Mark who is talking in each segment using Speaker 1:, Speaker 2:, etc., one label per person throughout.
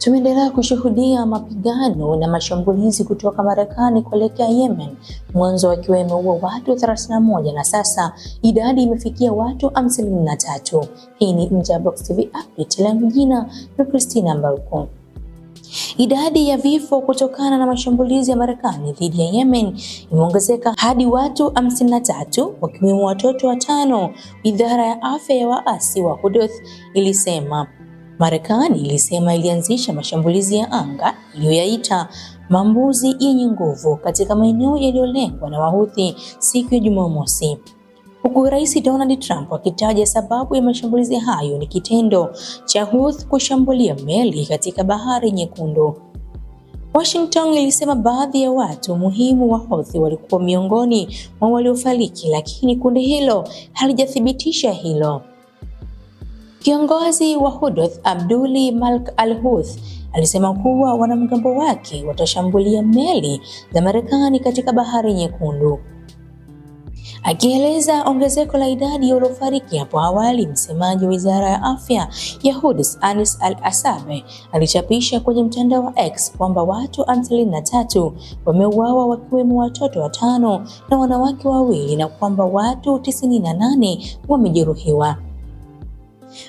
Speaker 1: Tumeendelea kushuhudia mapigano na mashambulizi kutoka Marekani kuelekea Yemen, mwanzo wakiwa imeua watu 31 na sasa idadi imefikia watu 53. Hii ni Nje ya Box TV update, langu jina ni Christina Mbalku. Idadi ya vifo kutokana na mashambulizi ya Marekani dhidi ya Yemen imeongezeka hadi watu 53 wakiwemo watoto watano. Idara ya afya ya waasi wa Houthi ilisema Marekani ilisema ilianzisha mashambulizi ya anga iliyoyaita mambuzi yenye nguvu katika maeneo yaliyolengwa na Wahuthi siku ya Jumamosi, huku Rais Donald Trump akitaja sababu ya mashambulizi hayo ni kitendo cha Houthi kushambulia meli katika Bahari Nyekundu. Washington ilisema baadhi ya watu muhimu wa Houthi walikuwa miongoni mwa waliofariki, lakini kundi hilo halijathibitisha hilo. Kiongozi wa Houthi Abdul Malik al huth alisema kuwa wanamgambo wake watashambulia meli za Marekani katika Bahari Nyekundu. Akieleza ongezeko la idadi waliofariki hapo awali, msemaji wa Wizara ya Afya ya Houthi Anis al-Asabe alichapisha kwenye mtandao wa X kwamba watu hamsini na tatu wameuawa wakiwemo watoto watano na wanawake wawili na kwamba watu 98 na wamejeruhiwa.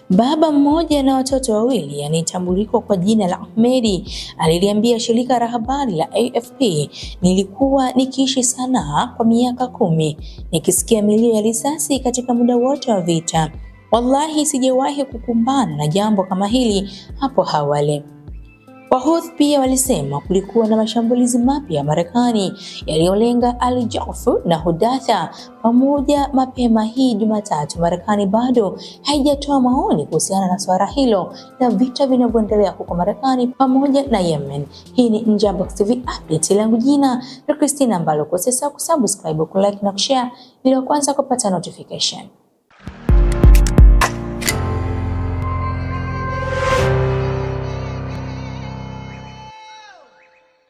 Speaker 1: Baba mmoja na watoto wawili anayetambulikwa kwa jina la Ahmedi aliliambia shirika la habari la AFP, nilikuwa nikiishi Sanaa kwa miaka kumi, nikisikia milio ya risasi katika muda wote wa vita. Wallahi sijawahi kukumbana na jambo kama hili hapo awali. Wahodhi pia walisema kulikuwa na mashambulizi mapya ya Marekani yaliyolenga Al na Hudatha pamoja mapema hii Jumatatu. Marekani bado haijatoa maoni kuhusiana na suala hilo na vita vinavyoendelea huko Marekani pamoja na Yemen. Hii ni Nje ya Box TV update, langu jina na Christina, ambalo kwa sasa kusubscribe, kulike na kushare ili kwanza kupata notification.